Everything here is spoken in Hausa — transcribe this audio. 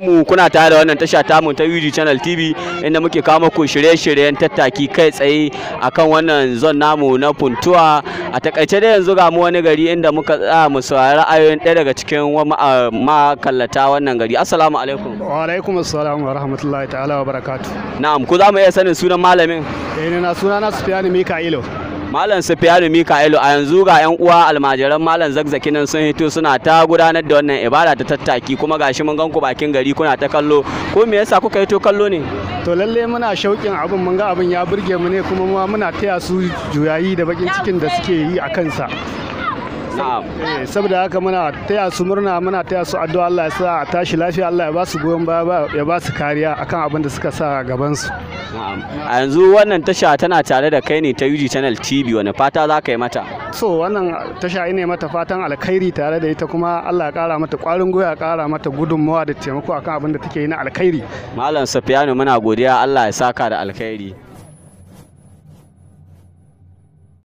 mu kuna tare da wannan tasha tamu ta UG Channel TV inda muke kawo muku shirye-shiryen tattaki kai tsaye akan wannan zon namu na Puntua a takaice dai yanzu ga mu wani gari inda muka tsaya mu saurari ra'ayoyin ɗaya daga cikin makallata wannan gari assalamu alaikum wa alaikum assalam wa rahmatullahi ta'ala wa barakatuh na'am ku za mu iya sanin sunan malamin eh na sunana Sufiyani Mika'ilo Malam Sufiyanu Mika'ilu a yanzu ga 'yan uwa almajiran Malam Zakzaki nan sun hito suna ta gudanar da wannan ibada ta tattaki kuma gashi mun gan ku bakin gari kuna ta kallo ko me yasa kuka hito kallo ne? To lalle muna shauƙin abin mun ga abin ya burge mu ne kuma muna taya su juyayi da bakin cikin da suke yi a kansa. Eh, saboda haka muna taya su murna muna taya su addu'a Allah ya sa tashi lafiya Allah ya ba su goyon baya ya ba su kariya akan abin da suka sa a gaban su a yanzu wannan tasha tana tare da kai ne ta UG Channel TV wani fata za ka yi mata so wannan tasha ne mata fatan alkhairi tare da ita kuma Allah ya kara mata kwarin goya kara mata gudunmawa da taimako akan abin da take yi na alkhairi malam Safiyanu muna godiya Allah ya saka da alkhairi